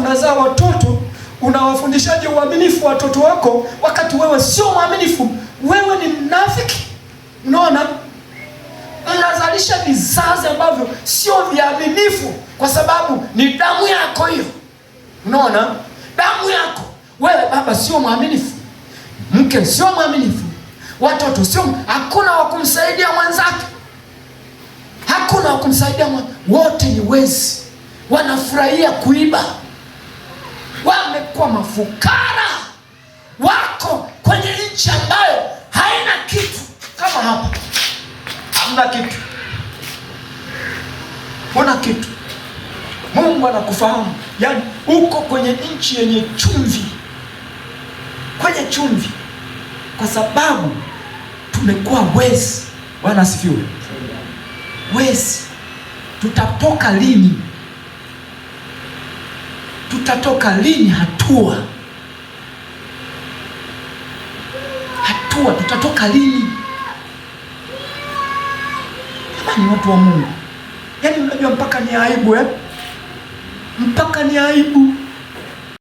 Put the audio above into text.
unazaa watoto unawafundishaje uaminifu watoto wako wakati wewe sio mwaminifu? Wewe ni mnafiki. Unaona, unazalisha vizazi ambavyo sio viaminifu, kwa sababu ni damu yako hiyo. Unaona, damu yako wewe. Baba sio mwaminifu, mke sio mwaminifu, watoto sio, hakuna wa kumsaidia mwenzake, hakuna wa kumsaidia wote ni wezi, wanafurahia kuiba wamewekwa mafukara wako kwenye nchi ambayo haina kitu kama hapa. Hamna kitu, huna kitu. Mungu anakufahamu, yaani uko kwenye nchi yenye chumvi, kwenye chumvi, kwa sababu tumekuwa wezi. wanasifiwe Wezi, tutapoka lini? tutatoka lini? Hatua hatua, tutatoka lini? ni watu wa Mungu, yaani unajua mpaka ni aibu eh? mpaka ni aibu